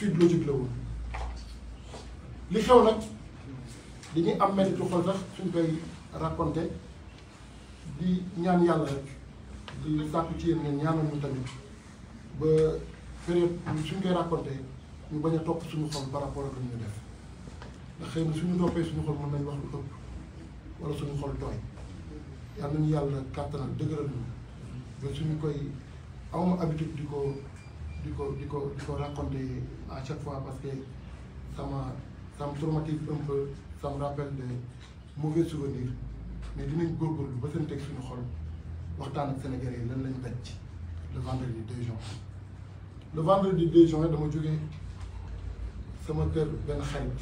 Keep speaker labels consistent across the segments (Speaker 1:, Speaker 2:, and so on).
Speaker 1: suite logique la woon li xew nag dañuy am metitu xol sax suñ koy raconté di ñaan yàlla rek di sàkku ci yéen ngeen ñaanal ñu tamit ba période suñ koy raconté ñu bañ a topp suñu xol par rapport ak lu ñu def ndax xëy na suñu toppee suñu xol mën nañ wax lu ëpp wala suñu xol tooy yàlla nañu yàlla kàttanal dëgëral ñu ba suñu koy awma habitude di ko di ko di ko di ko raconter à chaque fois parce que ça m'a ça me traumatise un peu ça me rappelle de mauvais mais dinañ ba seen teg suñu xol waxtaan ak Sénégalais yi lan lañ daj ci le vendredi 2 juin. le vendredi dama jógee sama kër benn xarit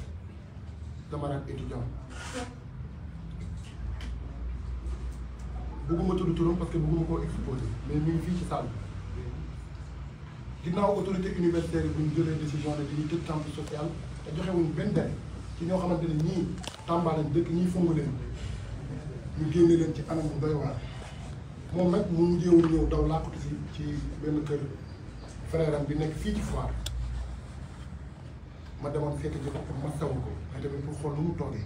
Speaker 1: camarade étudiant bëgguma tudd turam parce que bëgguma koo exposer mais mi ngi fii ci salle ginnaaw autorité universitaire yi bu ñu jëlee décision ne dañuy tëj campus social te joxewuñ benn délai ci ñoo xamante ne ñii Tamba lañ dëkk ñii fongu leen ñu génne leen ci anam bu doy waa moom nag mu mujjee woon ñëw daw làqatu si ci benn kër frère bi nekk fii ci foire ma demoon seeti ji ko ma taw ko mais tamit pour xool nu mu toogee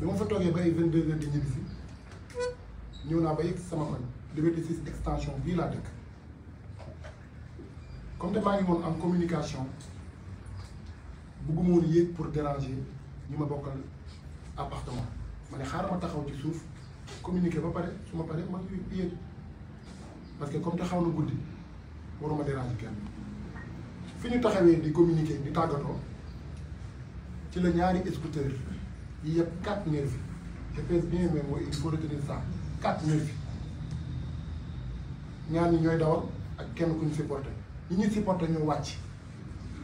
Speaker 1: bi ma fa toogee ba ay vingt deux heures di ñibbi ñëw naa ba yegg sama man liberté extension bii laa dëkk comme te maa ngi woon am communication bugguma woon yéeg pour déranger ñu ma bokkal appartement ma ne xaaral ma taxaw ci suuf communiquer ba pare su ma pare ma yéeg parce que comme te xaw na guddi waruma déranger kenn fi ñu taxawee di communiquer di tàggatoo ci la ñaari écouteur yi yëpp quatre nervis je pense bien mais mooy il faut retenir ça quatre nervis ñaar ñi ñooy dawal ak kenn kuñ supporté ñi ñuy supporté ñoo wàcc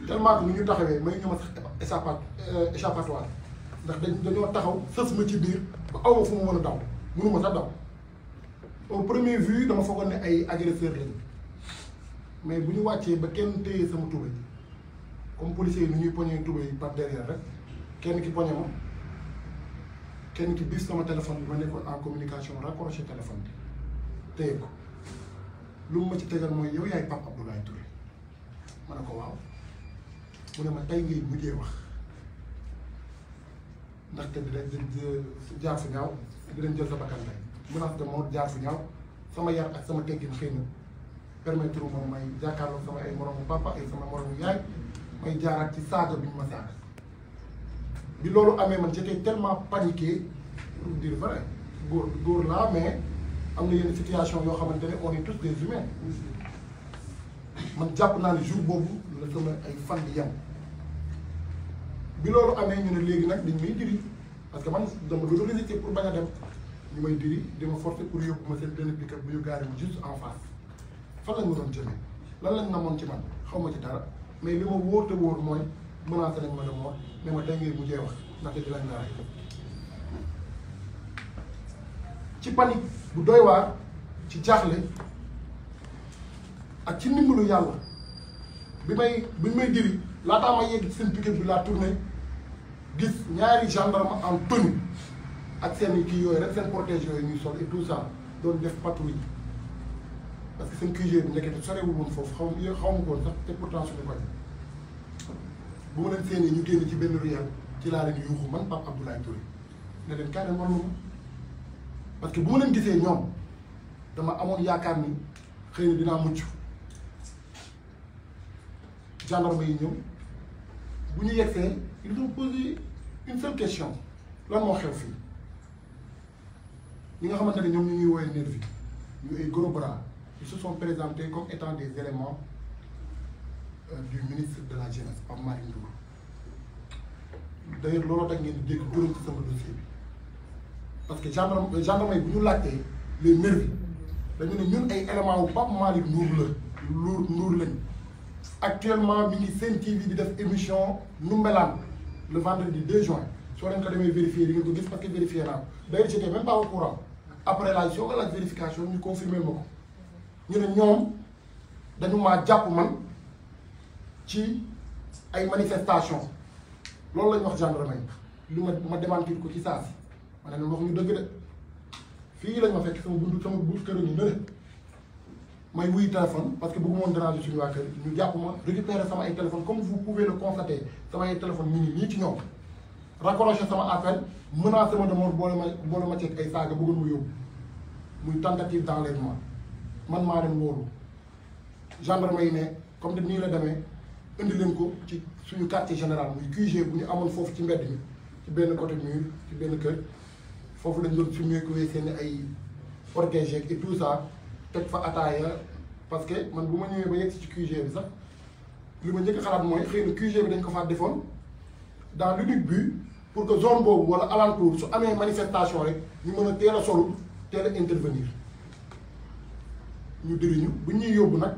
Speaker 1: tellement que ni ñu taxawee may ñu ma sax euh, échappatoire ndax dañ dañoo taxaw sës ma ci biir ba aw ma fu ma mën a daw mënuma sax daw au premier vue dama foogoon ne ay agresseur lañu mais bu ñu wàccee ba kenn téye sama tubéy comme policier yi nu ñuy poñee tubéy par derrière rek kenn ki poñe ma kenn ki bis sama téléphone bi ma nekkoon en communication raccroché téléphone bi téye ko lu mu ma ci tegal mooy yow yaay Pape Abdoulaye Touré ma ne ko waaw mu ne ma tey ngay mujjee wax ndaxte dinañ jaar fu ñaaw dinañ jël sa bakkan tey menace de mort jaar fu ñaaw sama yar ak sama teggin xëy na permettre moom may jàkkaarloo sama ay mu papa ay sama mu yaay may jaaraat ci saaga bi ñu ma saaga bi loolu amee man j'étais tellement paniqué pour dire vrai góor góor laa mais am na yenn situation yoo xamante ne on est tous des humains man jàpp naa ne jour boobu la sama ay fan di yem bi loolu amee ñu ne léegi nag dañ may diri parce que man dama doon résister pour bañ a dem ñu may diri di ma forcer pour yóbbu ma seen benn pick-up bu ñu garé ma juste en face fan lañ ma doon jëmee lan lañ namoon ci man xaw ma ci dara mais li ma wóor te wóor mooy menacé a ma de mort ne ma day ngay mujjee wax ndaxte dinañ la rey ci panique bu doy waar ci jaaxle. ak ci ndimbalu yàlla bi may bi may diri laataa ma yegg seen piquet bi laa tourné gis ñaari gendarme en tenue ak seen kii yooyu rek seen protège yooyu ñuy sol et tout ça doon def patrouille parce que seen QG bi nekkee sorewul woon foofu xaw ma xaw ma woon sax te pourtant suñu bañ bu ma leen seenee ñu génn ci benn ruyal ci laa leen yuuxu man Pape Abdoulaye Touré ne leen kaay leen war na ma parce que bu ma leen gisee ñoom dama amoon yaakaar ni xëy gendarme yi ñëw bu ñu yegsee ils ont posé une seule question lan moo xew fii ñi nga xamante ne ñoom ñu ñuy woowee nervi ñu ay gros bras ils se sont comme étant des éléments euh, du ministre de la jeunesse Pape Malick Ndour d'ailleurs looloo tax ngeen di dégg gërëm ci sama dossier parce que gendarme euh, gendarme bu ñu laajtee les nervis dañu ne ñun ay éléments wu Pape Malick Ndour la Ndour lañ actuellement mi ngi seen TV bi def émission Ndoumbelane le vendredi 2 juin soo leen ko demee vérifier li nga ko gis parce que vérifier naa ko d'ailleurs j'étais même pas au courant après la soo ko laaj vérification ñu confirmer ma ko ñu ne ñoom dañu maa jàpp man ci ay manifestation loolu lañu wax wax gendarmerie lu ma ma démentir ko ci saa si ma ne leen wax ñu dëgg de fii lañ ma fekk sama buntu sama buntu kër ñu nële may wuy téléphone parce que bëggu moon déranger suñu waa kër ñu jàpp ma récupérer sama ay téléphone comme vous pouvez le constater sama ay téléphone mi ngi nii ci ñoom raccroché sama appel menacé ma de mort boole ma boole ma ceeg ay saaga bëggoon ma yóbbu muy tentative d'enlèvement man maa dem wóolu gendarme yi ne comme te nii la demee indi leen ko ci suñu quartier général muy QG bu ñu amoon foofu ci mbedd mi ci benn côté mur ci benn kër foofu lañ doon fumier ay protégé et tout teg fa ataaya parce que man bu ma ñëwee ba yegg ci QG bi sax li ma njëkk xalaat mooy xëy na bi dañ ko faa defoon dans l'unique but pour que zone boobu wala alentour su amee manifestation rek ñu mën a teel a solu teel a intervenir ñu diriñu bu ñuy yóbbu nag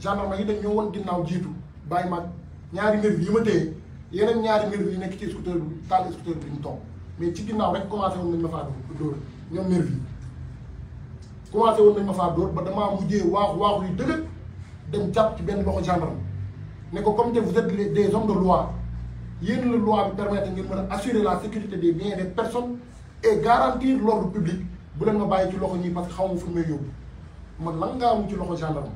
Speaker 1: gendarmerie yi dañ ñoo won ginnaaw jiitu bàyyi mag ñaari nervi yi ma téye yeneen ñaari nervi yi nekk ci scooter bi taal scooter bi ñu toog mais ci ginnaaw rek commencé woon nañ ma faa dóor ñoom commencé woon nañ ma faa dóor ba damaa mujjee waaxu waaxu yu dëgg dañ jàpp ci benn loxo gendarme ne ko comme te vous êtes des hommes de loi yéen la loi bi permettre ngeen mën a assurer la sécurité bi biens des personnes et garantir l'ordre public bu leen ma bàyyi ci loxo ñii parce que xaw ma fu may yóbbu man lan ngaa ci loxo gendarme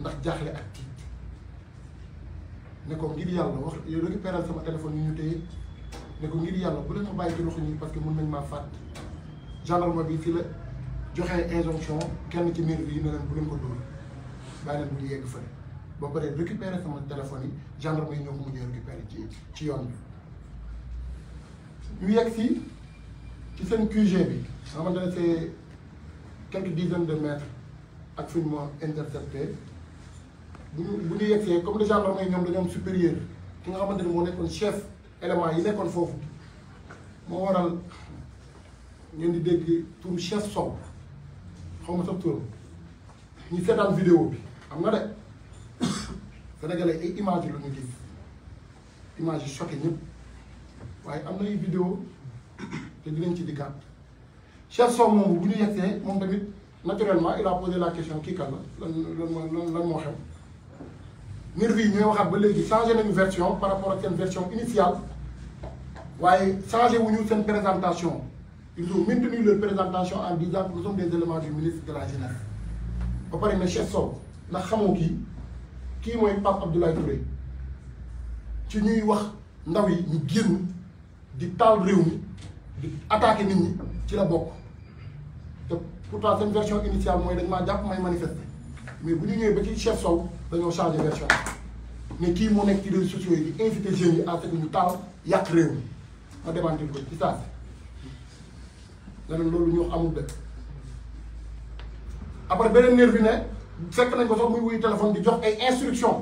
Speaker 1: ndax jaaxle ak tiit ne ko ngir yàlla wax récupérer sama téléphone yi ñu téye ne ko ngir yàlla bu leen ma parce que mën nañ maa fàtt gendarme bi fii la. joxe injonction kenn ci miir lii ne bu leen ko dóor bàyyi leen bu ñu yegg fële boo paree récupérer sama téléphone yi gendarme yi ñoo ko mujjee récupérer ci ci yoon bi. ñu yegg si ci seen QG bi nga xamante ne c'est quelques dizaines de mètres ak fi ñu ma intercepté bu ñu bu ñu comme les gendarmes yi ñoom dañoo am supérieur ki nga xamante ne moo nekkoon chef élément yi nekkoon foofu moo waral ngeen di dégg turu chef Sow. xaw ma sax turam ñu seetaan vidéo bi am na de sénégalais ay image yi la ñu gis image yi choqué ñëpp waaye am na ay vidéo te dinañ ci dikkaat Cheikh Sow moom bu ñu yegsee moom tamit naturellement il a posé la question kii kan la lan lan lan moo xew nervi yi ñooy waxaat ba léegi changé nañu version par rapport ak seen version initiale waaye changé wuñu seen présentation ils ont maintenu leur présentation en disant que nous sommes des éléments du ministre de la ba pare ne chef Sow ndax xamoo kii kii mooy Pape Abdoulaye Touré ci ñuy wax ndaw yi ñu génn di taal réew mi di attaquer nit ñi ci la bokk te pourtant seen version initiale mooy dañ maa jàpp may manifester mais bu ñu ñëwee ba ci chef Sow dañoo changer version mais kii moo nekk ci réseaux sociaux yi di invité jeunes yi à ñu taal yàq réew mi ma démentir ko ci nga loolu ñu wax amul dëkk après beneen nerf bi ne fekk nañ ko sax muy wuy téléphone di jox ay instruction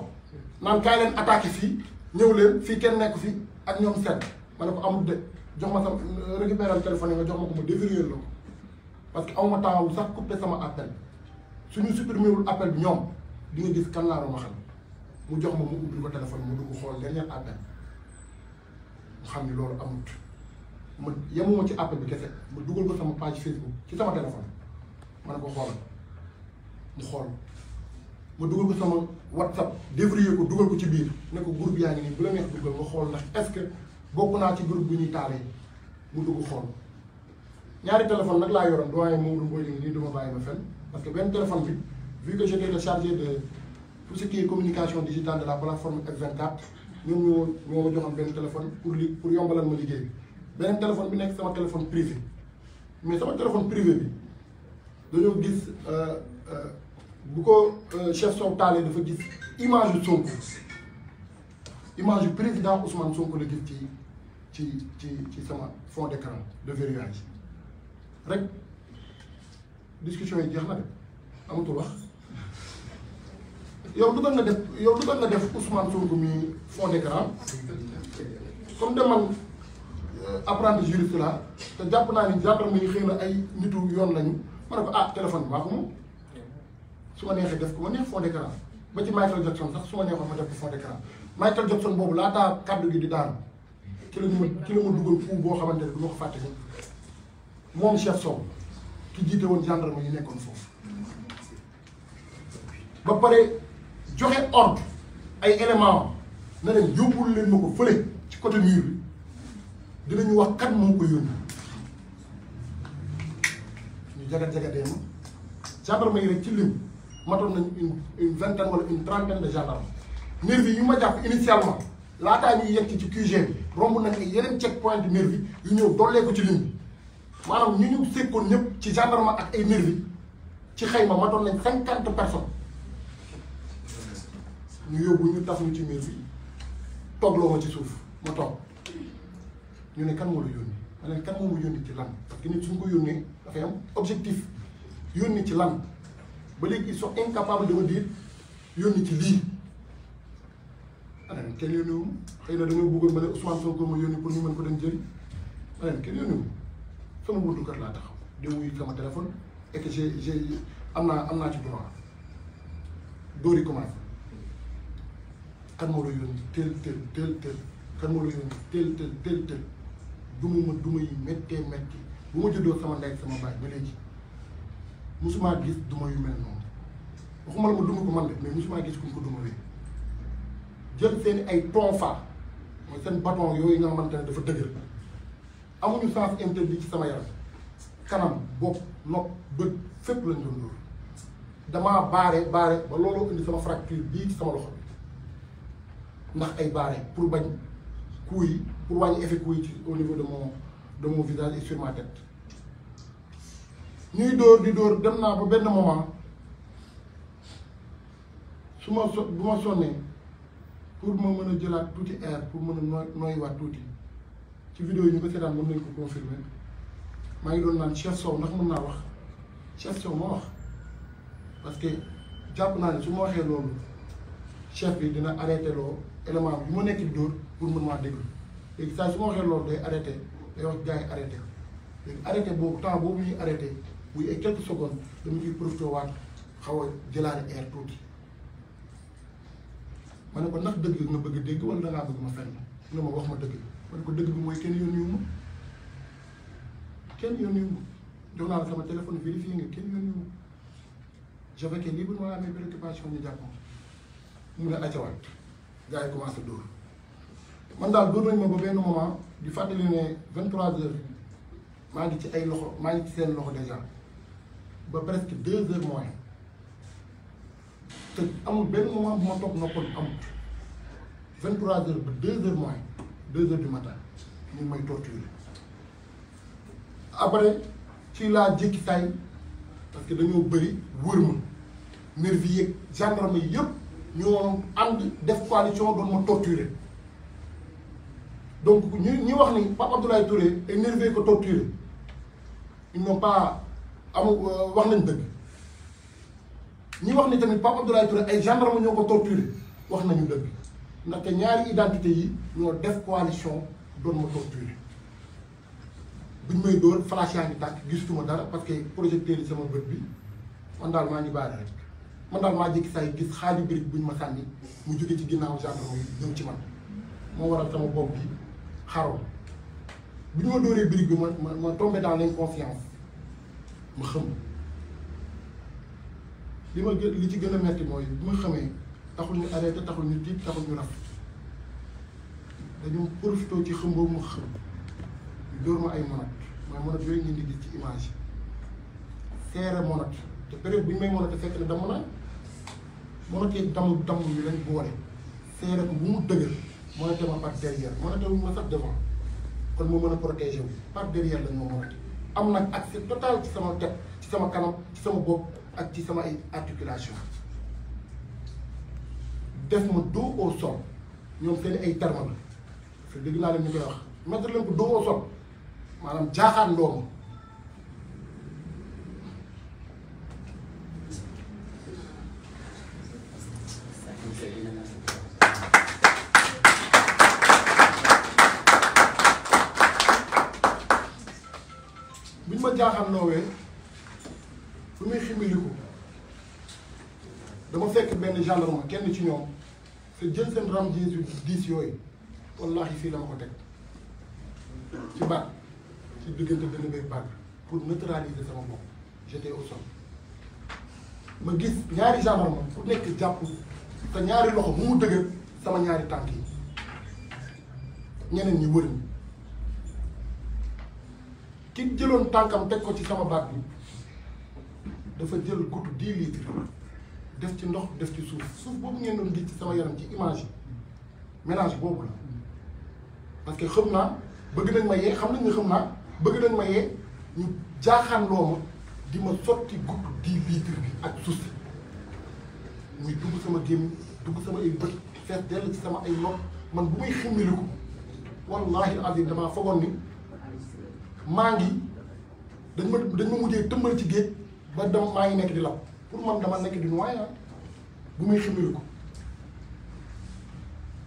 Speaker 1: naan kaay leen attaqué fii ñëw leen fii kenn nekk fii ak ñoom set ma ne ko amul de jox ma sam récupéré am téléphone nga jox ma ko ma déverrouillé la ko parce que aw ma taawul sax coupé sama appel suñu supprimé wul appel bi ñoom di gis kan laa doon mu jox ma mu ubbi ko téléphone mu dugg xool dernier appel mu xam ni loolu amut. ma yemuma ci appel bi kese ma dugal ko sama page Facebook ci sama téléphone ma ne ko xoolal mu xool ma dugal ko sama WhatsApp déverrouillé ko dugal ko ci biir ne ko groupe yaa ngi nii bu la neex dugal nga xool ndax est-ce que bokk naa ci groupe bu ñuy taalee mu dugg xool ñaari téléphone nag laa yoroon doyen moom lu mboy léegi nii duma bàyyi ma fenn parce que benn téléphone bi vu que j'étais de tout ce qui communication digitale de la plateforme F24 ñoom ñoo ñoo ma joxoon pour li pour yombalal ma liggéey bi beneen téléphone bi nekk sama téléphone privé mais sama téléphone privé bi dañoo gis euh, euh, bu ko euh, chef Sow taalee dafa gis image yu Sonko image yu président Ousmane Sonko la gis ci ci ci ci sama fond d'écran de verrouillage rek discussion yi jeex na de amatul wax yow lu tax nga def yow lu tax nga def Ousmane Sonko mi fond d'écran comme demal Euh, apprenti juriste la te jàpp naa ni gendarme yi xëy na ay nitu yoon lañu ma ne ko ah téléphone bi maa ko moom su ma neexee def ko ma neex fond d'écran ba ci Michael Jackson sax su ma neexoon ma def ko fond d'écran Michael Jackson boobu laataa kàddu gi di daanu ci la ñu ma ci la ma dugal fu boo xamante ne ko fàtte ko moom chef Sow ki jiite woon gendarme yi nekkoon foofu ba pare joxe ordre ay éléments na leen yóbbul leen ma ko fële ci côté mur bi. dinañu wax kan moo ko yónni ñu jagat jagatee ma gendarme yi rek ci lim matoon nañ une une vingtaine wala une trentaine de gendarmes nervi yi ñu ma jàpp initialement laataa ñuy yegg ci QG bi romb nañ ay yeneen check point nervi yu ñëw dollee ko ci lim bi ñu ñu sekkoon ñëpp ci gendarme ak ay nervi ci xayma matoon nañ cinquante personnes ñu yóbbu ñu taf ñu ci miir bi toogloo ci suuf ma toog. ñu ne kan moo la yónni ma ne kan moo ma yónni ci lan parce que nit suñ ko yónnee dafay am objectif yónni ci lan ba léegi ils sont incapables de me dire yónni ci lii maanaam kenn yónni wu xëy na da nga bëggoon ma ne Ousmane Sonko ma yónni pour ñu mën ko dem jëriñ maanaam kenn yónni wu sama buntu kër laa taxaw di wuyu sama a et que j'ai j'ai am naa am naa ci droit dóori commencé kan moo la yónni teel teel teel teel kan moo la duma ma duma yu méttee métti bu ma juddoo sama ndey sama baay ba léegi musuma gis duma yu mel noonu waxuma la ma duma ko man de mais musuma gis ku ko dumawee jël seen ay tonfa mooy seen bâton yooyu nga xamante ne dafa dëgër amuñu sens interdit ci sama yaram kanam bopp nopp bët fépp lañ doon dóor damaa baare baare ba looloo indi sama fracture bii ci sama loxo bi ndax ay baare pour bañ kuuy pour wàññi effet couille au niveau de mon de mon visage et sur ma tête ñuy dóor di dóor dem naa ba benn moment su ma so bu ma sonnee pour ma mën a jëlaat tuuti air pour mën a nooy nooyiwaat tuuti ci vidéo yi ñu ko seetaan mën nañ ko confirmer maa ngi doon naan Cheikh Sow ndax mën naa wax Cheikh Sow ma wax parce que jàpp naa ne su ma waxee loolu chef bi dina arrêté loo élément bi ma nekk di dóor pour mën maa déglu léegi saa su ma waxee loolu day arrêté day wax gars yi arrêté léegi arrêté boobu temps boobu ñuy arrêté muy ay quelques secondes dama ciy profité waat xaw a jëlaale air tuuti ma ne ko nax dëgg nga bëgg dégg wala da bëgg ma fenn mu ne ma wax ma dëgg ma ne ko dëgg bi mooy kenn yónniwu ma kenn yónniwu ma jox naa la sama téléphone vérifié nga kenn yónniwu ma j'avais que librement amee préoccupation ñu jàpp mu ne acawaat gars yi commencé dóor. man daal dóor nañ ma ba benn moment di fàttali ne 23 heures maa ngi ci ay loxo maa ngi ci seen loxo déjà ba presque 2 heures moins te amul benn moment bu ma toog noppalu amut 23 heures ba 2 heures moins 2 heures du matin ñu ngi may après ci laa jékki saay parce que dañoo bëri wër ma nervi yeeg gendarme yëpp ñoo ànd def coalition doon ma torturer. donc ñu ñi wax ni Pape Abdoulaye Touré ay nerveux ko torturé ils pas am euh, wax nañ dëgg ñi wax ni tamit Pape Abdoulaye Touré ay gendarme ñoo ko torturé wax nañu dëgg ndaxte ñaari identité yi ñoo def coalition doon ma torturé buñ may dóor flash yaa ngi tàkk gisatuma dara parce que projecteur yi sama bët bi man daal maa ngi baare rek man daal maa jékki say gis xaali birig buñ ma sànni mu jóge ci ginnaaw gendarme yi ñëw ci man moo waral sama bopp bi xaru bu ñu ma dóoree birig bi ma ma ma tombé dans l'inconfiance ma xam li ma gën li ci gën a metti mooy bi ma xamee taxul ñu arrêté taxul ñu tiit taxul ñu raf dañu profité ci xam boobu ma xam ñu dóor ma ay monat mooy monat yooyu ngeen di gis ci image seere monat te période bu ñu may monat fekk ne damm naa monat yi damm damm yi lañ boole seere ko bu mu dëgër mënate ma par derrière mënate ma sax devant kon moo mën a protéger wu par derrière lañ moo mënate am nag accès total ci sama tête ci sama kanam ci sama bopp ak ci sama ay articulation def ma dos au sol ñoom seen ay terme la parce que dégg naa leen ñu koy wax mettre leen ko dos au sol maanaam jaaxaan loo jaaxaan loowee lu muy ximiliku dama fekk benn gendarme kenn ci ñoom te jël seen ram yu diis yooyu wallahi fii la ma ko teg ci baat ci diggante dana bay baat pour neutraliser sama bopp j'étais au sol ma gis ñaari gendarme ku nekk jàpp te ñaari loxo mu mu dëgër sama ñaari tànk yi ñeneen ñi wëriñ ki jëloon tànkam teg ko ci sama baat bi dafa jël guttu dix litres def ci ndox def ci suuf suuf boobu ngeen doon gis ci sama yaram ci image yi ménage boobu la parce que xam naa bëgg nañ ma yee xam nañ ne xam naa bëgg nañ ma yee ñu jaaxaan loo ma di ma sotti guttu dix litres bi ak suuf si muy dugg sama gémmiñ dugg sama ay bët fees dell ci sama ay nopp man bu muy ximmiliku wallaahi azim damaa fogoon ni maa ngi dañ ma dañ ma mujjee tëmbal ci géej ba dama maa ngi nekk di lab pour man dama nekk di noyé ah, bu muy ximmilu ko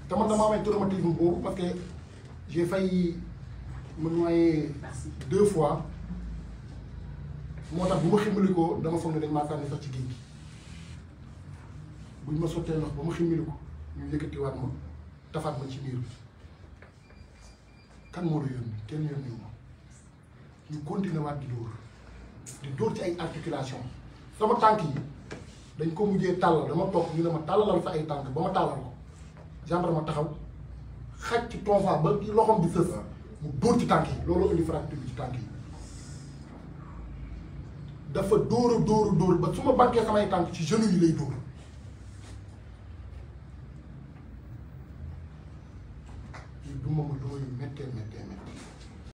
Speaker 1: te man dama amee traumatisme boobu parce que j'ai failli me noyer deux fois moo tax bu ma ximmilu ko dama foog dañ maa sànni sax ci géej gi buñ ma sottee ndox ba ma ximmilu ko ñu yëkkatiwaat ma tafaat ma ci biir kan moo la yónni kenn yónni ma ñu continuer waat di dóor di dóor ci ay articulation sama tànk yi dañ ko mujjee tàllal dama toog ñu ne ma tàllalal sa ay tànk ba ma tàllal ko ma taxaw xaj ci tonfa ba loxoom bi sës mu dóor ci tànk yi looloo indi fracture bi ci tànk yi dafa dóor a dóor a ba su ma bànkee samay tànk ci genoux yi lay dóor du ma ma dóor yu méttee méttee méttee